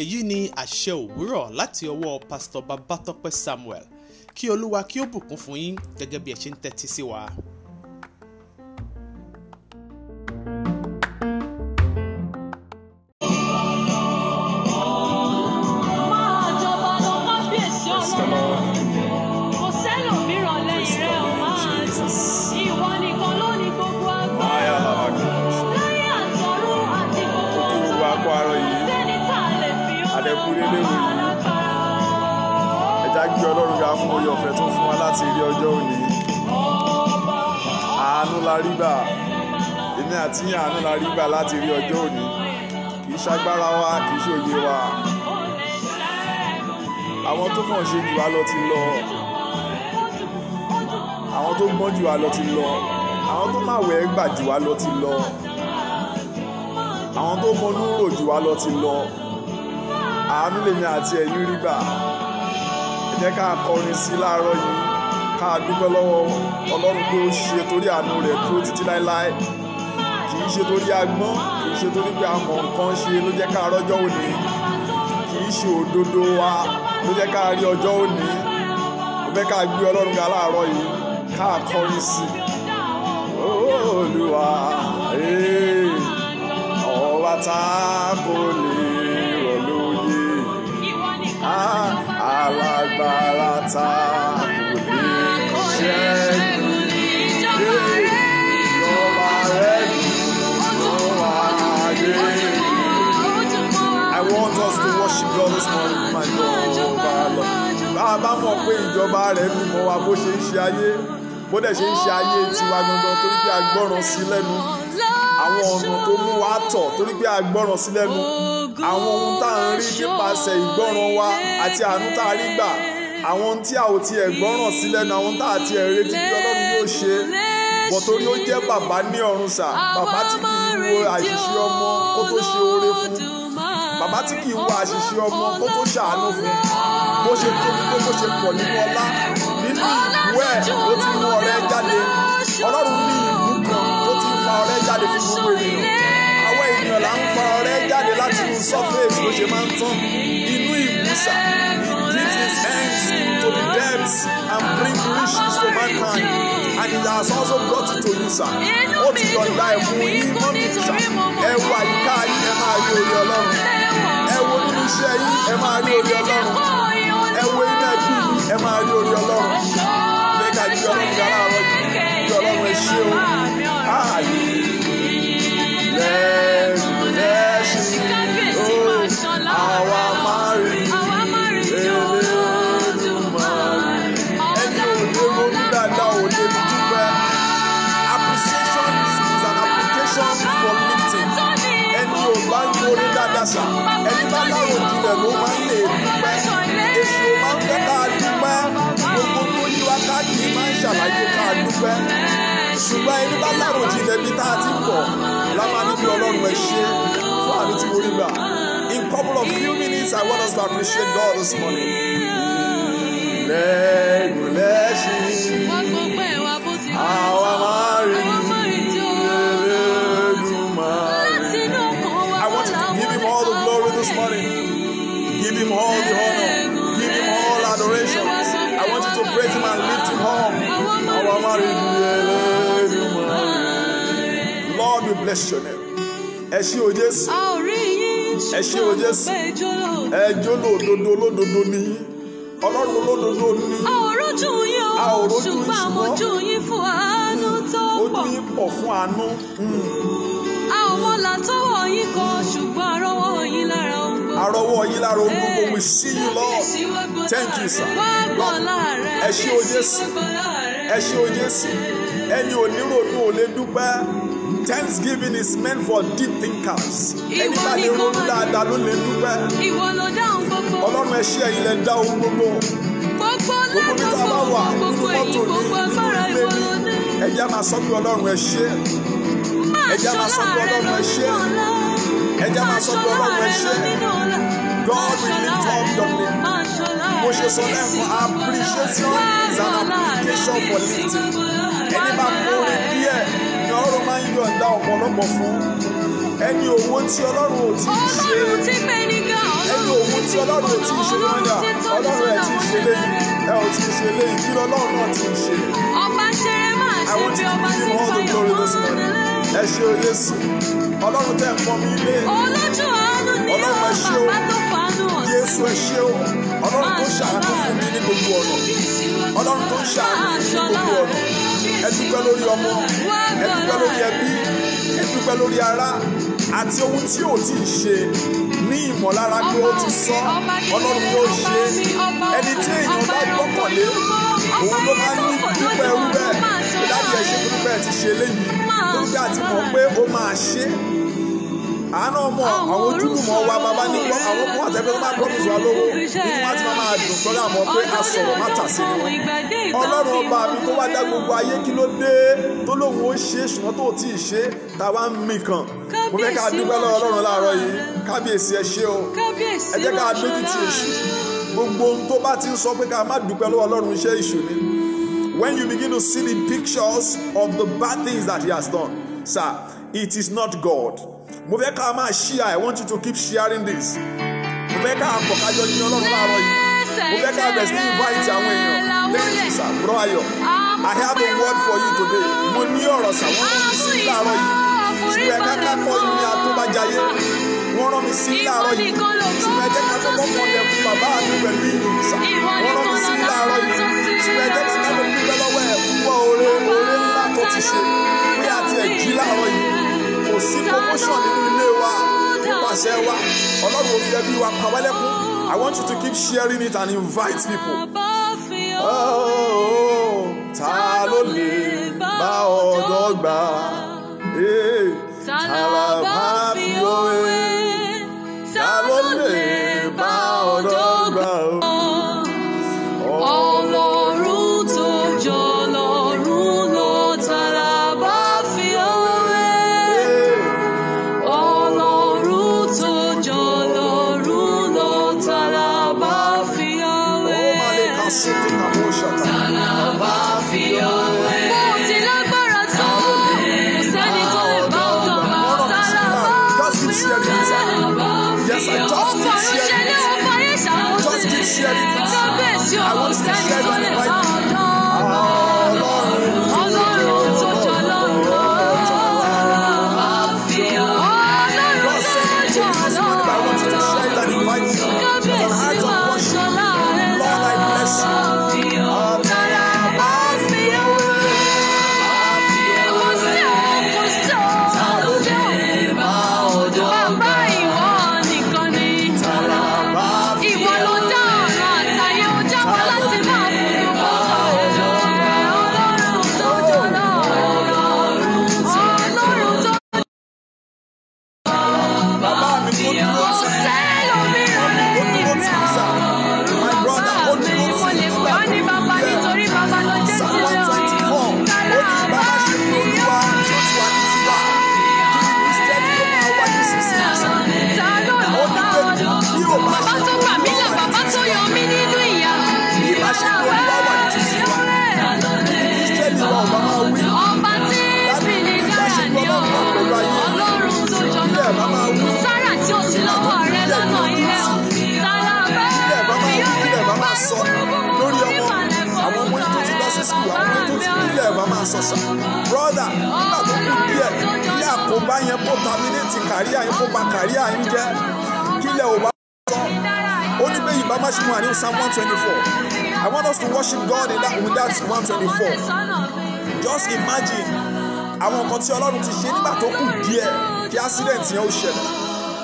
èyí ni àṣẹ òwúrọ̀ láti ọwọ́ pásítọ̀ Babátọ́pẹ́ Samuel kí Olúwa kí ó bùkún fún yín gẹ́gẹ́ bí ẹ ṣe ń tẹ́tí sí wa. máa rí gbà láti rí ọjọ́ òní kì í ṣagbára wa kì í ṣòye wa àwọn tó mọ̀ ṣe jù wá lọ ti lọ àwọn tó gbọ́n jù wá lọ ti lọ àwọn tó máa wẹ̀ gbà jù wá lọ ti lọ àwọn tó mọnú rò jù wá lọ ti lọ àánú lèmi àti ẹ̀yin rí gbà ẹ jẹ́ ká kọrin sí láàárọ̀ yìí ká dúpẹ́ lọ́wọ́ ọlọ́run pé ṣe torí àánú rẹ̀ dúró títí láéláé ṣe torí agbọ́n kì í pé a mọ̀ nǹkan ṣe ló jẹ́ ká rọ́jọ́ òní kì ṣe òdodo wa ló jẹ́ ká rí ọjọ́ òní ó fẹ́ ká gbé ọlọ́run ga láàárọ̀ yìí ká kọrin sí i olúwa eh, ọba tá kò lè rọ̀ lóye ah, alágbára tá a. pé ìjọba rẹ̀ mímọ́ wa bó ṣe ń ṣe ayé bó dẹ̀ ṣe ń ṣe ayé tiwa gangan torí pé a gbọ́ràn sí lẹ́nu àwọn ọ̀nà tó mú wa tọ̀ torí pé a gbọ́ràn sí lẹ́nu àwọn ohun tá à ń rí nípasẹ̀ ìgbọ́ràn wa àti àánú tá a rí gbà àwọn ohun tí a ò tiẹ̀ gbọ́ràn sí lẹ́nu àwọn tá a tiẹ̀ retí bí ọlọ́run yóò ṣe bọ̀ torí ó jẹ́ bàbá ní ọ̀run sà bàbá tí kì í wo àṣìṣe ọmọ kó tó ṣe oore fún bàbá tí kì í wo àṣìṣe ọmọ kó tó ṣàánú fún bó ṣe tóbi tó bó ṣe pọ̀ nínú ọlá nínú ìbú ẹ̀ ló ti mú ọrẹ jáde ọlọ́run ní ìbú kan ló ti fa ọrẹ jáde fún gbogbo ènìyàn àwọn ènìyàn là ń fa ọrẹ jáde láti inú surface ló ṣe máa ń tán inú ìbùsà it is bless and bring riches to mankind. And it has also brought it to you, sir. Ó ti yọ̀ǹda ẹ̀fún yín mọ́mí sà. Ẹ wo àyíká yín, ẹ máa rí orí Ọlọ́run. Ẹ wo nínú iṣẹ́ yín, ẹ máa rí orí Ọlọ́run. Ẹ wo iná ẹbí yín, ẹ máa rí orí Ọlọ́run. Bẹ́ẹ̀ ká yí Ọlọ́run gara àárọ̀ yìí. Yí Ọlọ́run ẹ ṣé o. dúpẹ́ ṣùgbọ́n ẹni bá lárò jinlẹ̀ bí tá a ti pọ̀ la níbi ọlọ́run ẹ ṣe fún àmì tí mo rí gbà in couple of few minutes I want us to appreciate God this morning. lẹ́gùn lẹ́sìn. bless your name. Ẹ ṣé o Jésù. A ò rí yín ṣùgbọ́n ẹ ṣé o Jésù. Ẹ jóló òdodo olódodo ni yín. Ọlọ́run olódodo ni. A ò rójú yín o. A ò rójú yín ṣùgbọ́n. Ṣùgbọ́n àmójú yín fún àánú tó pọ̀. Ojú yín pọ̀ fún àánú. Hmm. A ò mọ̀lá tọ́wọ́ yín kan ṣùgbọ́n àrọ́wọ́ yín lára ohun gbogbo. Àrọ́wọ́ yín lára ohun gbogbo we see you Lord. Thank you sir. Wá gbọ́ láàrẹ̀. Ẹ ṣé o Jésù. Ẹ ṣé o Jésù. Ẹni oníròdú ò lè dúpẹ́ thanksgiving is meant for deep thinkers. ẹni bá lè ronú dáadáa ló lè dúpẹ́. ìwọ ló dáhùn gbogbo. ọlọ́run ẹ ṣé ẹ̀yin lẹ dá ohun gbogbo. gbogbo lágbogbo gbogbo ẹ̀yin gbogbo agbára ìwọ ló ní. ẹ jẹ́ máa sọ pé ọlọ́run ẹ ṣé. ẹ jẹ́ máa sọ pé ọlọ́run ẹ ṣé. ẹ jẹ́ máa sọ pé ọlọ́run ẹ ṣé. God will lift up your name. Mo ṣe sọ lẹ́kọ̀ọ́ appreciation is an application for lifting. Ẹni bá kó rẹ̀ yọ̀ǹda ọ̀pọ̀lọpọ̀ fún ẹni owó tí ọlọ́run ò tí ì ṣe ẹni owó tí ọlọ́run ò tí ì ṣe wọ́n ọlọ́run ẹ̀ tí ì ṣe léyìn ẹ̀ ò tí ì ṣe léyìn kí lọ́lọ́run náà tí ì ṣe. ọba ṣeré máa ṣe bí ọba ti fọ yọ ọmọ ẹ ṣe oyè sí ọlọ́run tẹ̀ ń pọ̀ mí lé. olójú àánú ọlọ́run ẹ ṣé o jésù ẹ ṣé o ọlọ́run tó ṣàánú fún àti ohun tí ò tí ṣe ní ìmọ̀lára pé ó ti sọ ọlọ́run yóò ṣe ẹni tí èèyàn bá gbọ́kànlé òun ló máa ń dúpẹ́ rú ìdájọ́ ẹ̀ṣẹ́ rú ti ṣe eléyìí lórí àti mọ̀ pé ó máa ṣe é àánú ọmọ àwọn ojúlùmọ̀ wa bàbá ní gbọ́ àwọn ọmọ àtẹ́gbẹ́ tó bá gbọ́ ìṣù alówó nínú wa ti máa máa dùn tọ́lá àmọ́ pé a sọ̀rọ̀ má tà sí wọn. ọlọ́run ọba mi tó wá dá gbogbo ayé kí ló dé tó lóun ó ṣe ṣùgbọ́n tó tí ì ṣe tá a wá ń mì kan mo fẹ́ ká dúpẹ́ lọ́wọ́ ọlọ́run láàárọ̀ yìí kábíyèsí ẹ ṣé o ẹ jẹ́ ká dójú ti èṣù gbogbo ohun tó bá ti ń sọ pé ká má dúpẹ́ lọ́wọ́ ọlọ́run iṣẹ́ èṣù ni when you begin to see the pictures of the bad things that he has done sir it is not God mo fẹ́ ká máa share i want you to keep sharing this mo fẹ́ ká pọ̀ kájọ ní ọlọ́run láàárọ̀ yìí mo fẹ́ ká bẹ̀rẹ̀ sí invite àwọn èèyàn thank you bro ayọ̀ i have a word for you today mo ní ọ̀rọ̀ sàwọn ọmọ mi sí láàárọ̀ yìí ṣùgbọ́n ẹ̀ka kákọ́ ìní àtúbàjáyé wọ́n rán mi sí láàárọ̀ yìí ṣùgbọ́n ẹ̀jẹ̀ ká kọ́kọ́ kan lẹ́kùn bàbá mi pẹ̀lú ìlú sà wọ́n rán mi sí láàárọ̀ yìí ṣùgbọ́n ẹ̀jẹ̀ ká kọ́kọ́ dúpẹ́ lọ́wọ́ ẹ̀ fún oore oore ńlá tó ti ṣe pé àti ẹ̀jí láàárọ̀ yìí kò sí promotion nínú ilé wa nípasẹ̀ wa ọlọ́run ò ẹbí wa pa wálẹ́kún I want you to keep sharing it and invite people. Oh, ta ló lè bá ọ̀dọ́ gbà? Eh, ta ló lè bá ọ̀dọ́ gbà? lights. kàríà yín kó ba kàríà yín jẹ́ kílẹ̀ ò bá sọ ó ní pé ìbá ṣe mú àní psalm one twenty four i want us to worship god in that with that one twenty four just imagine àwọn nǹkan tí ọlọ́run ti ṣe nígbà tó kù díẹ̀ kí accident yẹn ó ṣẹlẹ̀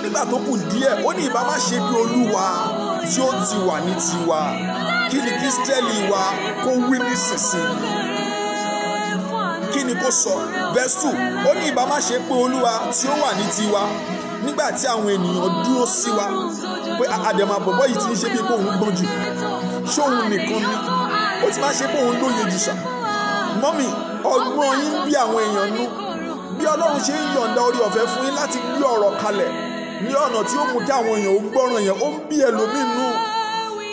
nígbà tó kù díẹ̀ ó ní ìbá má ṣe bí olúwa tí ó ti wà ní tiwa kí ni kí sítẹ́lì wa kó wí nísinsìnyí kí ni kò sọ verse two ó ní ìbá má ṣe pé olúwa tí ó wà ní tiwa nígbà tí àwọn ènìyàn dúró sí wa pé àdèmà bọ̀bọ̀ yìí ti ń ṣe bí pé òun gbọ́n jù ṣé òun nìkan ni ó ti máa ṣe pé òun lóye jù sà mọ́mì ọgbọ́n yín bí àwọn èèyàn nú bí ọlọ́run ṣe ń yọ̀ǹda orí ọ̀fẹ́ fún yín láti gbé ọ̀rọ̀ kalẹ̀ ní ọ̀nà tí ó mú kí àwọn èèyàn ó gbọ́ràn yẹn ó ń bí ẹlòmíì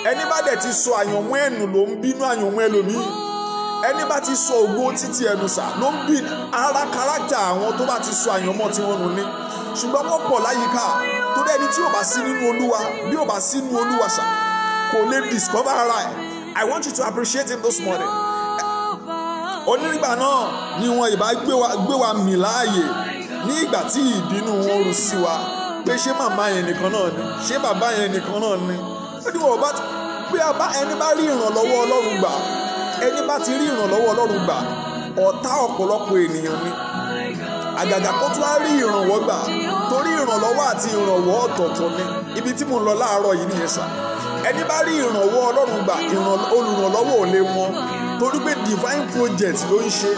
ẹni bá dẹ̀ ti sọ àyànmọ́ ẹ̀nù ló ń bínú àyànmọ́ ẹlòmíì ẹni bá ti sọ ògo títí ẹnu sà ló ń bí ara kárátà àwọn tó bá ti sọ àyànmọ́ tí wọ́n nù ní ṣùgbọ́n wọ́n pọ̀ láyìíká tó dé ẹni tí ò bá sí nínú olúwa bí ò bá sí nínú olúwa sà kò lè discover ara ẹ̀ I want you to appreciate him this morning onírígbà náà ni wọn ìbá gbé wa mì láàyè ní ìgbà tí ìbínú wọn rú sí wa pé ṣé màmá yẹn nìkan náà ni ṣé bàbá yẹn nìkan náà ni ó ní wọn ò bá pé ẹni bá rí ìrànlọ́wọ́ ọlọ́run gbà ẹni bá ti rí ìrànlọ́wọ́ ọlọ́run gbà ọ̀tá ọ̀pọ̀lọpọ̀ ènìyàn ni àgàgà kó tún á rí ìrànwọ́ gbà torí ìrànlọ́wọ́ àti ìrànwọ́ ọ̀tọ̀ọ̀tọ̀ ni ibi tí mò ń lọ láàárọ̀ yìí nìyẹn sà ẹni bá rí ìrànwọ́ ọlọ́run gbà olùrànlọ́wọ́ ò lè wọn torí pé divine project ló ń ṣe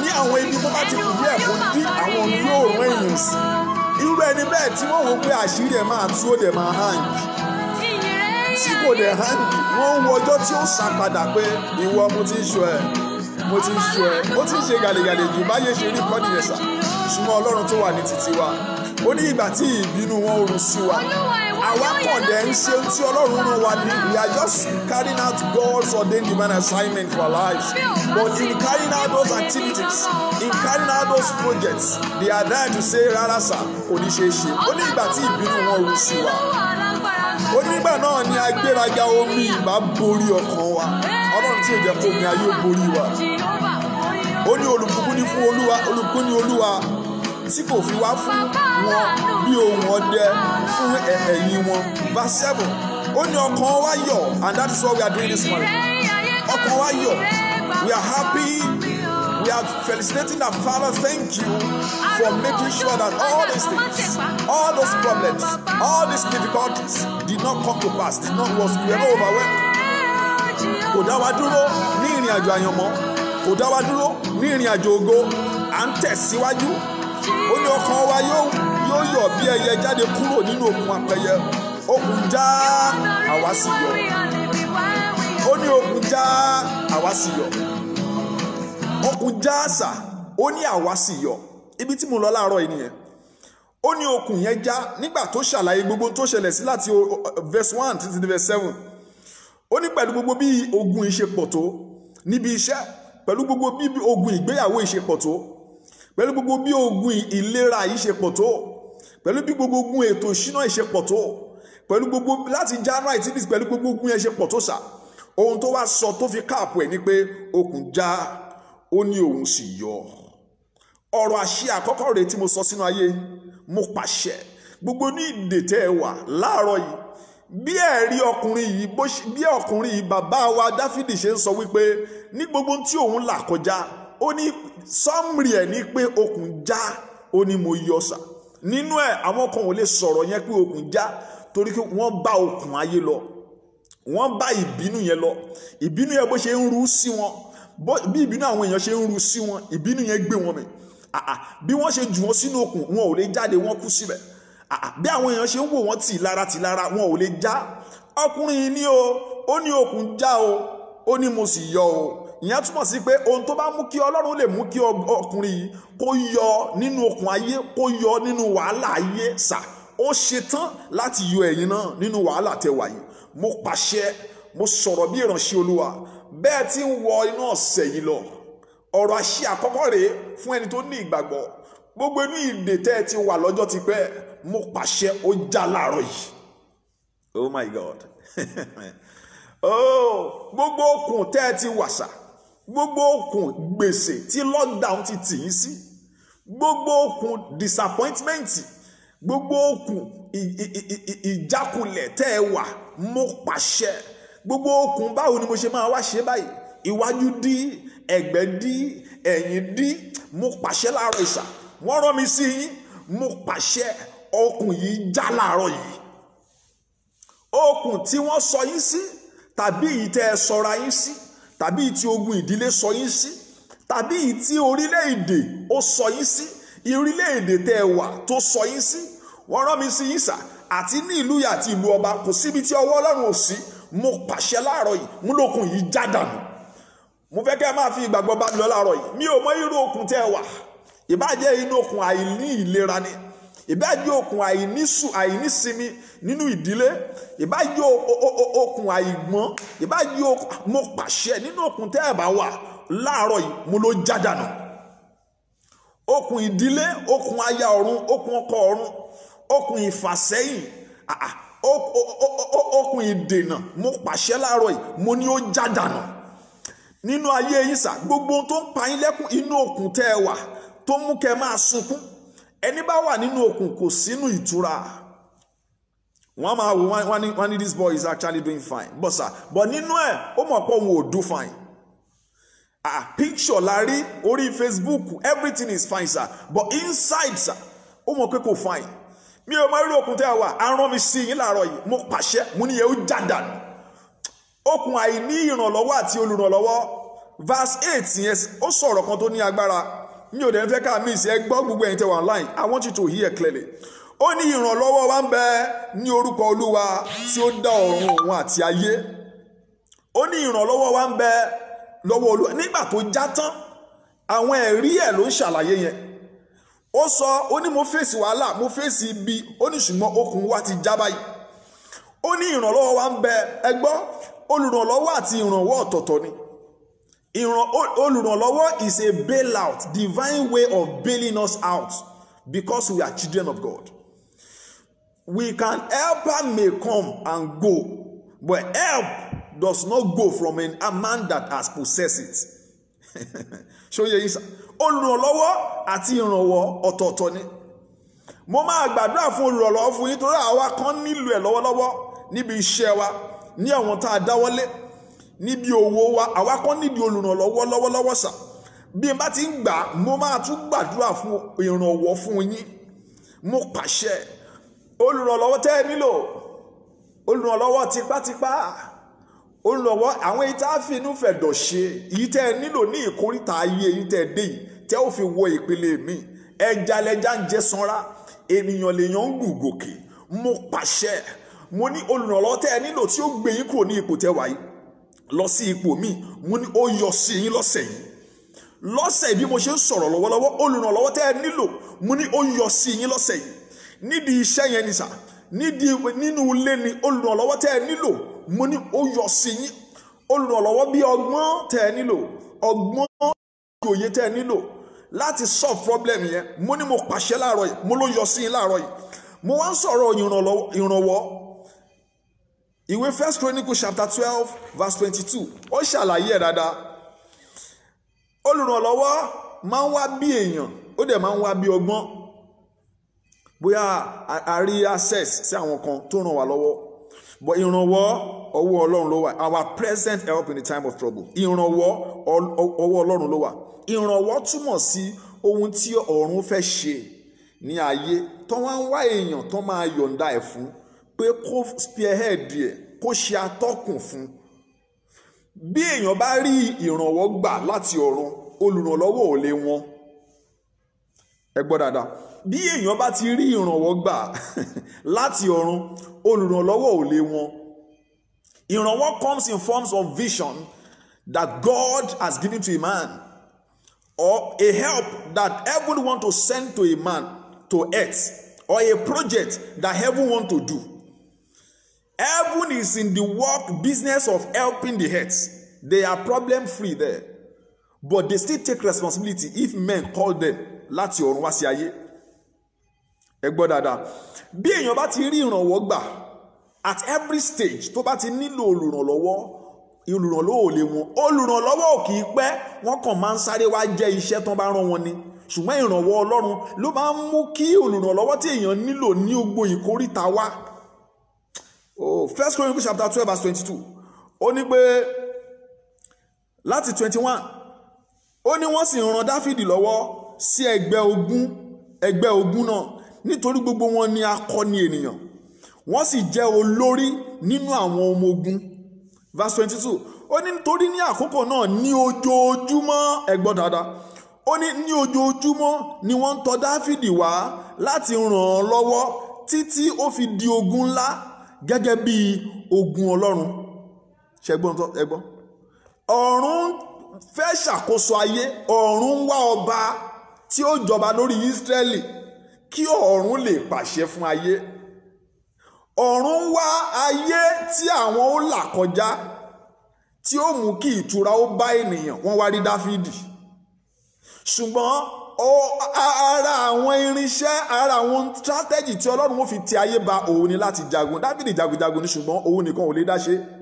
ní àwọn ibi tó bá ti kù díẹ̀ fún bí àwọn yóò rán èèyàn sí irú ẹni bẹ́ẹ̀ tí wọ́n wò pé àṣírí ẹ̀ máa tú ó dẹ̀ máa hàn yìí tí kò dẹ̀ hàn wọ́n ń wo ọjọ́ tí ó ṣàpadà pé ìwọ mo ti sọ ẹ̀ mo ti sọ ẹ̀ ó ti ṣe gàlégàlè jù báyé ṣe rí kọ́ nìyẹn sà ṣùgbọ́n ọlọ́run tó wà ní títí wa ó ní ìgbà tí ìbínú wọn rú sí wa àwa kàn dẹ̀ ń ṣe tí ọlọ́run rán wa ní we are just carrying out God's ordained divine assignment for our lives but in carrying out those activities in carrying out those projects they are there to say rárá sà kò ní ṣeé ṣe ó ní ìgbà tí ìbínú wọn rú sí wa ó nígbà náà ni agbéraga omi ìbá borí ọkàn wa ọlọ́run tí èdè kò ní ayé borí wa ó ní olùbùkún ní fún olúwa olùbùkún ní olúwa tí kò fi wá fún wọn bí ohun ọdẹ fún ẹ̀yìn wọn verse seven ó ní ọkàn wa yọ̀ and that is what we are doing this morning ọkàn wa yọ̀ we are happy. We are felicitating our Father, thank you for making sure that all these things, all those problems, all these difficulties did not come to pass, did not was we were overwhelmed. Kò dá wa dúró ní ìrìn àjò àyànmọ́, kò dá wa dúró ní ìrìn àjò ògo, à ń tẹ̀síwájú. Ó ní ọkàn wa yóò yọ̀ bí ẹyẹ jáde kúrò nínú òkun apẹyẹ. Òkun já àwa sì yọ̀. Ó ní òkun já àwa sì yọ̀ okùn jáàsà ó ní àwa sì yọ ibi tí mo lọ láàárọ̀ yìí nìyẹn ó ní okùn yẹn já nígbà tó ṣàlàyé gbogbo tó ṣẹlẹ̀ sí láti verse one títí di verse seven ó ní pẹ̀lú gbogbo bí ogun ìṣepọ̀ tó níbi iṣẹ́ pẹ̀lú gbogbo bí ogun ìgbéyàwó ìṣepọ̀ tó pẹ̀lú gbogbo bí ogun ìlera ìṣepọ̀ tó pẹ̀lú bí gbogbo ogun ètò ìṣúná ìṣepọ̀ tó pẹ̀lú gbogbo láti january títí pẹ̀lú gbogbo ogun ìṣepọ̀ tó sà ohun tó wá sọ tó fi káàpù ẹ̀ ni pé okùn já ó ní òun sì yọ ọ̀rọ̀ àṣẹ àkọ́kọ́ rèé tí mo sọ sínú ayé mo pàṣẹ gbogbo ní ìdè tẹ́ ẹ wà láàárọ̀ yìí bí ẹ̀rí ọkùnrin yìí bí ọkùnrin yìí bàbá wa Dáfídì ṣe ń sọ wípé ní gbogbo tí òun là kọjá ó ní sọ́mùrì ẹ̀ ní pé okùn já ó ní mo yọ sà nínú ẹ̀ àwọn kan ò lè sọ̀rọ̀ yẹn pé okùn já torí pé wọ́n bá okùn ayé lọ wọ́n bá ìbínú yẹn lọ ìbínú yẹn bó ṣe ń rú sí wọn bí ìbínú àwọn èèyàn ṣe ń ru sí wọn ìbínú yẹn gbé wọn mì bí wọ́n ṣe jù wọ́n sínú òkun wọn ò lè jáde wọ́n kú síbẹ̀ bí àwọn èèyàn ṣe ń wò wọ́n tì lára tì lára wọn ò lè já ọkùnrin yìí ní o ó ní òkun já o ó ní mo sì yọ o ìyẹn túmọ̀ sí pé ohun tó bá mú kí ọlọ́run lè mú kí ọkùnrin yìí kó yọ nínú okùn ayé kó yọ nínú wàhálà ayé sà ó ṣetán láti yọ ẹ̀yin náà nínú wàhálà tẹwàá yìí mo pàṣẹ mo sọ̀rọ̀ bí ìránṣẹ́ olúwa bẹ́ẹ̀ tí ń wọ inú ọ̀sẹ̀ yìí lọ ọ̀rọ̀ àṣì àkọ́kọ́ rèé fún ẹni tó ní ìgbàgbọ́ gbogbo inú ìdè tẹ́ ẹ ti wà lọ́jọ́ ti pẹ́ mo pàṣẹ ó já láàárọ̀ yìí oh my god oh gbogbo okùn tẹ́ ẹ ti wàṣà gbogbo okùn gbèsè tí lockdown ti tì yín sí gbogbo okùn disappointment gbogbo okùn ìjákulẹ̀ tẹ́ ẹ wà mo pàṣẹ gbogbo okùn báwo ni mo ṣe máa wá ṣe báyìí iwájú dí ẹ̀gbẹ́ dí ẹ̀yìn dí mo pàṣẹ láàárọ̀ ìṣà wọ́n rán mi sí yín mo pàṣẹ okùn yìí já láàárọ̀ yìí okùn tí wọ́n sọ yín sí tàbí èyí tẹ́ ẹ sọra yín sí tàbí èyí tí ogun ìdílé sọ yín sí tàbí èyí orílẹ̀-èdè ó sọ yín sí orílẹ̀-èdè tẹ́ ẹ wà tó sọ yín sí wọ́n rán mi sí yín sà àti ní ìlú yà àti ìlú ọba kò síbi tí ọwọ́ ọlọ́run ò sí. Si mo pàṣẹ láàárọ̀ yìí mú lókun yìí já dànù mo fẹ́ kẹ́ máa fi ìgbàgbọ́ bá mi lọ láàárọ̀ yìí mi ò mọ irú okùn tẹ́ wà ìbájẹ́ inú okùn àìní ìlera ni ìbájẹ́ okùn àìnísù àìnísinmi nínú ìdílé ìbájẹ́ okùn àìgbọ́n ìbájẹ́ mo pàṣẹ nínú okùn tẹ́ ẹ̀ bá wà láàárọ̀ yìí mo ló já dànù okùn ìdílé okùn aya ọ̀run okùn ọkọ ọ̀run okùn ìfàsẹ́yìn okùn ìdènà mo pàṣẹ láàárọ̀ yìí mo ní ó já dànù nínú ayé yín sà gbogbo ohun tó ń pa yín lẹ́kùn inú òkun tẹ́ ẹ wà tó mú kẹ́ ẹ máa sunkún ẹni bá wà nínú òkun kò sínú ìtura wọ́n máa wò wọ́n ní this boy is actually doing fine but sà but nínú ẹ̀ ó mọ̀ pé òun ò do fine A picture la rí orí Facebook everything is fine sir. but inside sir, ó mọ̀ pé kò fine mi ò mọ irú okùn tẹ́ ẹ wà arán mi sí yín láàárọ̀ yìí mo pàṣẹ mo ní yẹn ó já dànù okùn àìní ìrànlọ́wọ́ àti olùrànlọ́wọ́ verse eight yẹn ó sọ̀rọ̀ kan tó ní agbára mi ò dẹ̀ ń fẹ́ ká mi ìsẹ́ gbọ́ gbogbo ẹ̀yin tẹ́ wà online I want you to hear clearly ó ní ìrànlọ́wọ́ wa ń bẹ ní orúkọ olúwa tí ó dá ọ̀run òun àti ayé ó ní ìrànlọ́wọ́ wa ń bẹ lọ́wọ́ olúwa nígbà tó já tán àwọn ẹ̀rí ẹ̀ ló ń ṣàlàyé yẹn ó sọ ó ní mo fèsì wàhálà mo fèsì ibi ó ní ṣùgbọ́n okùn wa ti já báyìí ó ní ìrànlọ́wọ́ wa ń bẹ ẹgbọ́ olùrànlọ́wọ́ àti ìrànwọ́ ọ̀tọ̀ọ̀tọ̀ ni olùrànlọ́wọ́ is a bailout divine way of bailing us out because we are children of God we can help helper may come and go but help does not go from a man that has possessed it ṣó yẹ yín sá olùrànlọ́wọ́ àti ìrànwọ́ ọ̀tọ̀ọ̀tọ̀ ni mo máa gbàdúrà fún olùrànlọ́wọ́ fún yín torí àwa kan nílò ẹ̀ lọ́wọ́lọ́wọ́ níbi iṣẹ́ wa ní àwọn tá a dáwọ́lé níbi òwò wa àwa kan nídìí olùrànlọ́wọ́ lọ́wọ́lọ́wọ́ sà bí n bá ti ń gbà mo máa tún gbàdúrà fún ìrànwọ́ fún yín mo pàṣẹ olùrànlọ́wọ́ tẹ́ ẹ nílò olùrànlọ́wọ́ tipátipá ó ń lọ́wọ́ àwọn èyí tá a fi inú fẹ̀dọ̀ ṣe èyí tẹ́ ẹ nílò ní ìkóríta ayé èyí tẹ́ ẹ dé yìí tẹ́ ó fi wọ ìpele mi ẹja lẹja ń jẹ sanra ènìyàn lèèyàn ń gùn gòkè mo pàṣẹ mo ní olùrànlọ́wọ́ tẹ́ ẹ nílò tí ó gbé yín kúrò ní ipò tẹ́ wà yìí lọ sí ipò mi mo ní ó yọ sí yín lọ́sẹ̀ yìí lọ́sẹ̀ bí mo ṣe ń sọ̀rọ̀ lọ́wọ́lọ́wọ́ olùrànlọ́wọ́ tẹ́ ẹ nílò mo ní ó yọ sí yín lọ́sẹ̀ yìí nídìí iṣẹ́ yẹn ni sà nídìí nínú ilé ni olùrànlọ́wọ́ tẹ́ ẹ nílò mo ní ó yọ sí yín olùrànlọ́wọ́ bí ọgbọ́n tẹ́ ẹ nílò ọgbọ́n àti òye tẹ́ ẹ nílò láti solve problem yẹn mo ní mo pàṣẹ láàárọ̀ yìí mo ló yọ sí yín láàárọ̀ yìí mo wá ń sọ̀rọ̀ ìrànwọ́ ìwé first chronicle chapter twelve verse twenty-two ó ṣàlàyé ẹ̀ dáadáa olùrànlọ́wọ́ máa ń wá bí èèyàn ó dẹ̀ máa ń wá bí ọgbọ́n bóyá a rí access sí àwọn kan tó ràn wá lọ́wọ́ but ìrànwọ́ ọwọ́ ọlọ́run ló wà our present help in the time of trouble ìrànwọ́ ọwọ́ ọlọ́run ló wà ìrànwọ́ túmọ̀ sí ohun tí ọ̀run fẹ́ ṣe ní ayé tó wá ń wá èèyàn tó máa yọ̀ǹda ẹ̀ fún pé kó spearhead ẹ̀ kó ṣe atọ́kùn fún bí èèyàn bá rí ìrànwọ́ gbà láti ọ̀run olùrànlọ́wọ́ ò lè wọn ẹ gbọ́ dáadáa bí èèyàn bá ti rí ìrànwọ́ gbà láti ọ̀run olùrànlọ́wọ́ ò lè wọn ìrànwọ́ comes in forms of vision that God has given to a man or a help that heaven want to send to a man to earth or a project that heaven want to do heaven is in the work business of helping the earth they are problem free there but they still take responsibility if men call them láti ọ̀run wá sí ayé ẹ gbọ́ dáadáa bí èèyàn bá ti rí ìrànwọ́ gbà at every stage tó bá ti nílò olùrànlọ́wọ́ olùrànlọ́wọ́ ò lè wọn olùrànlọ́wọ́ ò kì í pẹ́ wọ́n kàn máa ń sáré wá jẹ́ iṣẹ́ tán bá rán wọn ni ṣùgbọ́n ìrànwọ́ ọlọ́run ló máa ń mú kí olùrànlọ́wọ́ tí èèyàn nílò ní gbogbo ìkóríta wá oh first Chronicles chapter twelve verse twenty-two ó ní pé láti twenty-one ó ní wọ́n sì ń ran Dáfídì lọ́wọ́ sí ẹgbẹ́ ogun ẹgbẹ́ ogun náà nítorí gbogbo wọn ni akọni ènìyàn wọ́n sì jẹ́ olórí nínú àwọn ọmọ ogun verse twenty two ó ní nítorí ní àkókò náà ní ojoojúmọ́ ẹ gbọ́ dáadáa ó ní ní ojoojúmọ́ ni wọ́n ń tọ̀ dáfídì wá láti ràn án lọ́wọ́ títí ó fi di ogun ńlá gẹ́gẹ́ bí ogun ọlọ́run ṣẹgbọ́n ẹgbọ́n ọ̀run fẹ́ ṣàkóso ayé ọ̀run ń wá ọba tí ó jọba lórí Ísírẹ́lì kí ọ̀run lè pàṣẹ fún ayé ọ̀run ń wá ayé tí àwọn ó là kọjá tí ó mú kí ìtura ó bá ènìyàn wọ́n wá rí Dáfídì ṣùgbọ́n ara àwọn irinṣẹ́ ara àwọn strategy tí Ọlọ́run ó fi ti ayé ba òun ni láti jagun Dáfídì jagunjagun ni ṣùgbọ́n òun nìkan ò lè dá ṣe é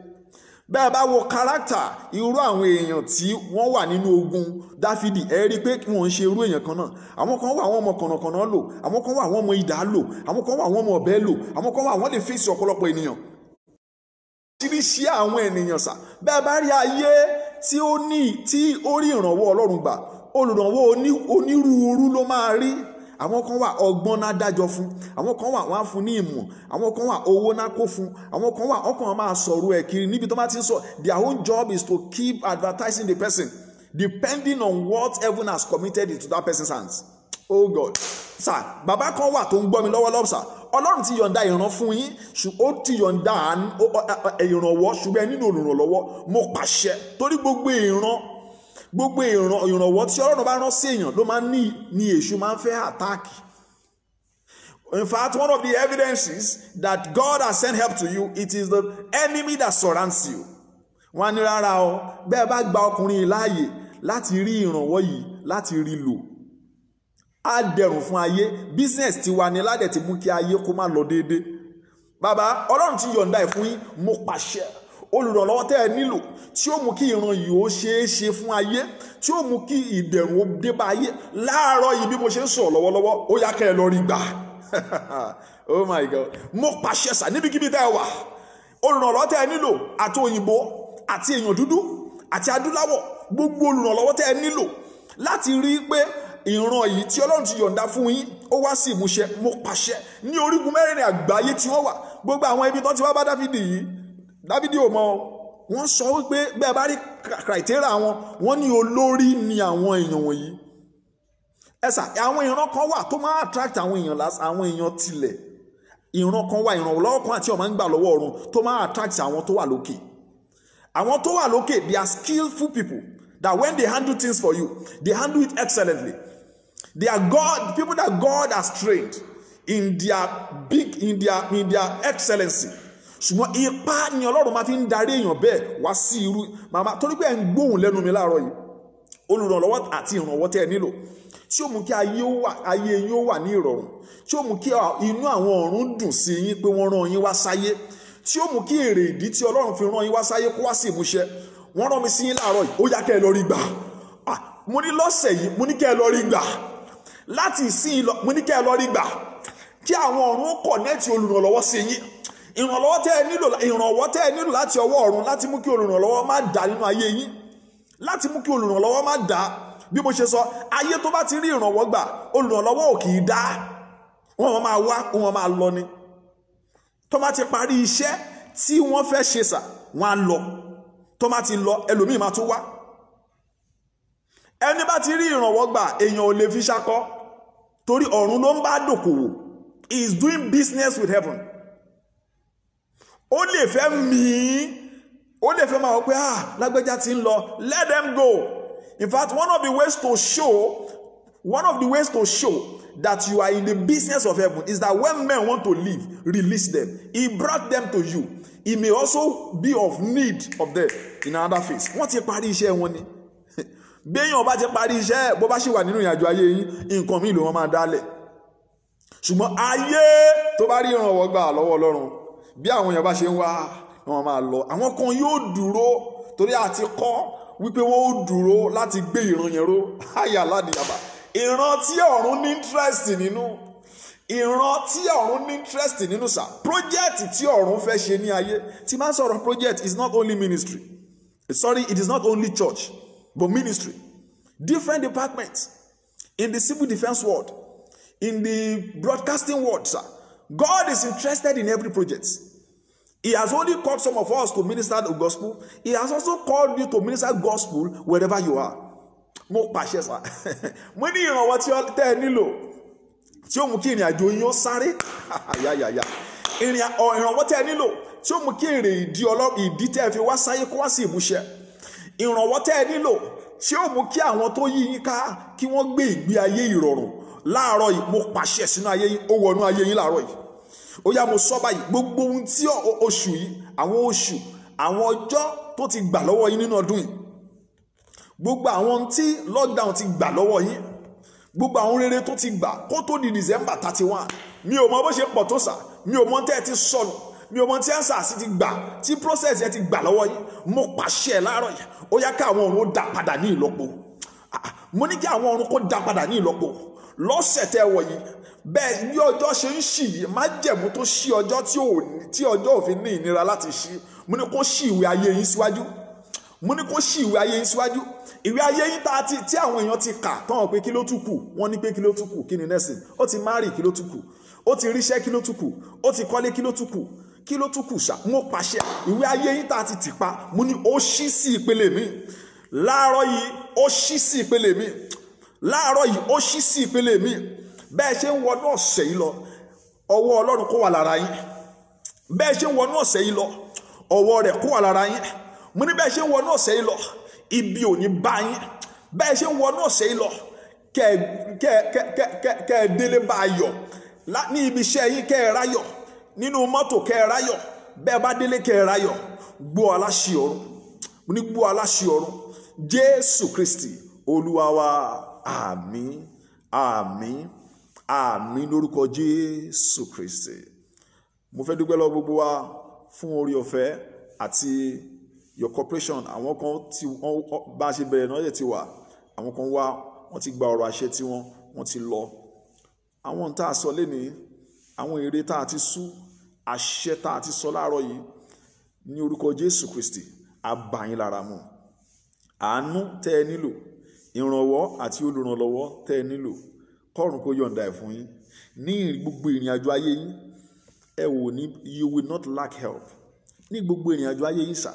bẹ́ẹ̀ bá wo kárátà irú àwọn èèyàn tí wọ́n wà nínú ogun dáfídì ẹ rí i pé wọ́n ń ṣe irú èèyàn kan náà àwọn kan wà àwọn ọmọ kànàkànà lò àwọn kan wà àwọn ọmọ idà lò àwọn kan wà àwọn ọmọ ọ̀bẹ lò àwọn kan wà àwọn lè fèsì ọ̀pọ̀lọpọ̀ ènìyàn oríṣiríṣi àwọn ènìyàn sà bẹ́ẹ̀ bá rí ayé tí ó rí ìrànwọ́ ọlọ́run gbà olùrànwọ́ onírúurú ló máa rí àwọn kan wà ọgbọ́n náà dájọ́ fún àwọn kan wà wọ́n á fún ní ìmọ̀ àwọn kan wà owó náà kó fún àwọn kan wà ọkàn máa sọ̀rọ̀ ẹ̀ kiri níbi tó bá ti ń sọ their own job is to keep advertising the person depending on what heaven has committed into that person's hands oh God sir bàbá kan wà tó ń gbọ́ mi lọ́wọ́lọ́wọ́ sir ọlọ́run ti yọ̀ǹda ìran fún yín ó ti yọ̀ǹda ìrànwọ́ ṣùgbọ́n ẹ nílò ìrànlọ́wọ́ mo pàṣẹ torí gbogbo ìran gbogbo ìrànwọ́ tí ọlọ́run bá rán sí èèyàn ló máa ń ní ní èṣù máa ń fẹ́ àtáàkì In fact, one of the evidences that God has sent help to you, it is the enemy that surrounds you. Wọ́n ní rárá o, bẹ́ẹ̀ bá gba ọkùnrin yìí láàyè láti rí ìrànwọ́ yìí láti rí lò. Á dẹrùn fún ayé, business ti wà ní ládẹ̀ ti mú kí ayé kó má lọ déédéé. Bàbá, Ọlọ́run ti yọ̀ǹda ẹ̀ fún yín, mo pàṣẹ olùrànlọ́wọ́ tẹ́ ẹ nílò tí ó mú kí ìran yìí ó ṣeé ṣe fún ayé tí ó mú kí ìdẹ̀rùn ó dé bá ayé láàárọ̀ yìí bí mo ṣe ń sọ̀rọ̀ lọ́wọ́lọ́wọ́ ó yá kẹ́ ẹ lọ rí gbà oh my god mo pàṣẹ sà níbikíbi tẹ́ ẹ wà olùrànlọ́wọ́ tẹ́ ẹ nílò àti òyìnbó àti èèyàn dúdú àti adúláwọ̀ gbogbo olùrànlọ́wọ́ tẹ́ ẹ nílò láti rí i pé ìran yìí tí ọlọ́run ti yọ̀ǹda fún yín ó wá sí ìmúṣẹ mo pàṣẹ ní orígun mẹ́rin àgbáyé tí wọ́n wà gbogbo àwọn ibi tó ti wá bá dáfídì yìí dávidi ò mọ o wọ́n sọ wípé bẹ́ẹ̀ bá rí criteria wọn wọ́n ní olórí ni àwọn èèyàn wọ̀nyí ẹ̀sà àwọn ìran kan wà tó máa attract àwọn èèyàn lásán àwọn èèyàn tilẹ̀ ìran kan wà ìrànlọ́wọ́ kan àti ọ̀mọ́ ń gbà lọ́wọ́ ọ̀run tó máa attract àwọn tó wà lókè àwọn tó wà lókè they are skillful people that when they handle things for you they handle it excellently they are God people that God has trained in their big in their in their excellency ṣùgbọ́n ipá ni ọlọ́run máa fi ń darí èèyàn bẹ́ẹ̀ wá sí irú màmá torí pé ẹ̀ ń gbóhùn lẹ́nu mi láàárọ̀ yìí olùrànlọ́wọ́ àti ìrànwọ́ tẹ́ ẹ nílò tí ó mú kí ayé yín ó wà ní ìrọ̀rùn tí ó mú kí inú àwọn ọ̀run dùn sí yín pé wọ́n rán yín wá sáyé tí ó mú kí èrè ìdí tí ọlọ́run fi rán yín wá sáyé kó wá sí ìmúṣẹ wọ́n rán mi sí yín láàárọ̀ yìí ó yá kẹ́ ẹ lọ rí gbà mo ní lọ́sẹ̀ yìí mo ní kẹ́ ẹ lọ rí gbà láti ìsìn mo ní kẹ́ ẹ lọ rí gbà kí àwọn ọ̀run kọ̀nẹ́ẹ̀tì olùrànlọ́wọ́ sí yín ìrànlọ́wọ́ tẹ́ ẹ nílò ìrànwọ́ tẹ́ ẹ nílò láti ọwọ́ ọ̀run láti mú kí olùrànlọ́wọ́ má dà nínú ayé yín láti mú kí olùrànlọ́wọ́ má dà bí mo ṣe sọ ayé tó bá ti rí ìrànwọ́ gbà olùrànlọ́wọ́ ò kì í dá wọn máa wá wọn máa lọ ni tó bá ti parí iṣẹ́ tí wọ́n fẹ́ ṣe sà wọ́n á lọ tó bá ti lọ ẹlòmíì máa tún wá ẹni bá ti rí ìrànwọ́ gbà èèyàn ò lè fi ṣakọ torí ọ̀run ló ń bá dòkòwò he is doing business with heaven ó lè fẹ́ mìín ó lè fẹ́ máa wọ pé ah lágbẹ́já ti ń lọ let them go in fact one of the ways to show one of the ways to show that you are in the business of heaven is that when men want to leave release them he brought them to you he may also be of need of them in another phase wọ́n ti parí iṣẹ́ wọn ni béèyàn bá ti parí iṣẹ́ bó bá ṣì wà nínú ìrìnàjò ayé yín nǹkan míì ló wọ́n máa dálẹ̀ ṣùgbọ́n ayé tó bá rí ìrànwọ́ gbà lọ́wọ́ Ọlọ́run bí àwọn èèyàn bá ṣe ń wá wọn máa lọ àwọn kan yóò dúró torí àti kọ́ wípé wọn ó dúró láti gbé ìran yẹn ró àyà ládìyàbá ìran tí ọ̀run ní interest nínú ìran tí ọ̀run ní interest nínú sà project tí ọ̀run fẹ́ ṣe ní ayé tí máa sọ̀rọ̀ project is not only ministry sorry it is not only church but ministry different departments in the civil defence world in the broadcasting world sir God is interested in every project. He has only called some of us to minister the gospel. He has also called you to minister gospel wherever you are. Mo pàṣẹ sá. Mo ní ìrànwọ́ tí tẹ́ ẹ nílò tí ó mú kí ìrìn àjò yín ó sáré. Ìrànwọ́ tẹ́ ẹ nílò tí ó mú kí èrè ìdí tẹ́ ẹ fi wá sáyé kó wá sí ìmúṣẹ. Ìrànwọ́ tẹ́ ẹ nílò tí ó mú kí àwọn tó yí yín ká kí wọ́n gbé ìgbé ayé ìrọ̀rùn láàárọ̀ yìí mo pàṣẹ sínú ayé yín ó wọnú ayé yín láàárọ̀ yìí ó yá mo sọ báyìí gbogbo ohun tí oṣù yìí àwọn oṣù àwọn ọjọ́ tó ti gbà lọ́wọ́ yín nínú ọdún yìí gbogbo àwọn tí lockdown ti gbà lọ́wọ́ yín gbogbo àwọn rere tó ti gbà kó tó di december thirty one mi ò mọ bó ṣe pọ̀ tó sà mi ò mọ tẹ́ ẹ ti sọnù mi ò mọ tí ansa sì ti gbà tí process yẹn ti gbà lọ́wọ́ yín mo pàṣẹ ẹ̀ láàárọ̀ yìí ó yá ká àwọn ọ̀run ó dá padà ní ìlọ́po ah, ah, mo ní kí àwọn ọ̀run kó dá padà ní ìlọ́po lọ́sẹ̀ tẹ́ wọ̀ yìí bẹ́ẹ̀ ní ọjọ́ ṣe ń ṣì yìí má jẹ̀mú tó ṣí ọjọ́ tí ọjọ́ òfin ní ìnira láti ṣí mo ní kó ṣí ìwé ayé yín síwájú mo ní kó ṣí ìwé ayé yín síwájú ìwé ayé yín ti tí àwọn èèyàn ti kà tán pé kí ló tún kù wọ́n ní pé kí ló tún kù kí ni nẹ́sìn ó ti márì kí ló tún kù ó ti ríṣẹ́ kí ló tún kù ó ti kọ́lé kí ló tún kù kí ló tún kù ṣá mo pàṣẹ ìwé ayé yín tá a ti tì pa mo ní ó ṣí sí ìpele mi láàárọ̀ yìí ó ṣí sí ìpele mi láàárọ̀ yìí ó ṣí sí ìpele mi bẹ́ẹ̀ ṣe ń wọnú ọ̀sẹ̀ yìí lọ ọwọ́ ọlọ́run kó wà lára yín bẹ́ẹ̀ ṣe ń wọnú ọ̀sẹ̀ yìí lọ ọwọ́ rẹ̀ kó wà lára yín mo ní bẹ́ẹ̀ ṣe ń wọnú ọ̀sẹ̀ yìí lọ ibi ò ní bá yín bẹ́ẹ̀ ṣe ń wọnú ọ̀sẹ̀ yìí lọ kẹ́ ẹ délé bá a yọ̀ ní ibi iṣẹ́ yín kẹ́ ẹ ráyọ̀ nínú mọ́tò kẹ́ ẹ ráyọ̀ bẹ́ẹ̀ bá délé kẹ́ ẹ ráyọ̀ gbọ́ aláṣẹ ọ̀run mo ní gbọ́ aláṣẹ ọ̀run Jésù Kristi olúwa wa àmín àmín àmín lórúkọ jésù kristi mo fẹ́ dúpẹ́ lọ gbogbo wa fún orí ọ̀fẹ́ àti your corporation àwọn kan tí wọ́n bá ṣe bẹ̀rẹ̀ náà yẹ̀ ti wà àwọn kan wá wọ́n ti gba ọ̀rọ̀ àṣẹ tiwọn wọ́n ti lọ àwọn tá a sọ lénìí àwọn ère tá a ti sú àṣẹ tá a ti sọ láàárọ̀ yìí ní orúkọ jésù kristi a bá yín lára mu àánú tẹ́ ẹ nílò ìrànwọ́ àti olùrànlọ́wọ́ tẹ́ ẹ nílò kọ́run kó yọ̀ǹda ẹ̀ fún yín ní gbogbo ìrìn àjò ayé yín ẹ wò ní you will not lack help ní gbogbo ìrìn àjò ayé yín sà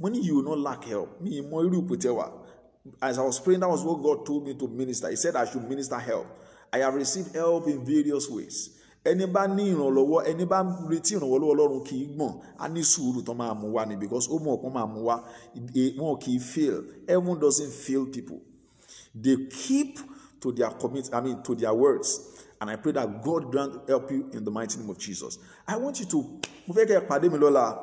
mo ní you will not lack help mi ì mọ irú ipò tẹ́ as I was praying that was what God told me to minister he said I should minister help I have received help in various ways ẹni bá ní ìrànlọ́wọ́ ẹni bá retí ìrànwọ́ lọ́wọ́ Ọlọ́run kì í gbọ̀n á ní sùúrù tán máa mú wá ni because ó mọ̀ ọ̀kan máa mú wá e, wọn kì í fail heaven doesn't fail people They keep to their commit, I mean, to their words. And I pray that God grant help you in the mighty name of Jesus. I want you to mo fẹ́ kẹ́ pàdé mi lọ́la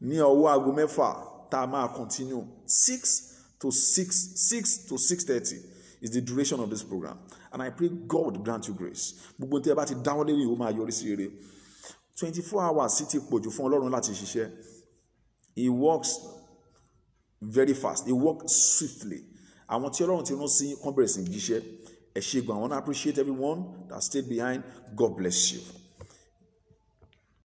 ní ọwọ́ aago mẹ́fà tá a máa continue six to six six to six thirty is the duration of this program and I pray God grant you grace. Gbogbo tí ẹ bá ti dáwọ́ lé ìwé máa yọrí sí rere twenty four hours sì ti pọ̀jù fún Ọlọ́run láti ṣiṣẹ́ he works very fast he works swiftly àwọn tí ọlọ́run ti rán sí kan bẹ̀rẹ̀ sí jíṣẹ́ ẹ ṣé gan i wan appreciate everyone that stayed behind god bless you.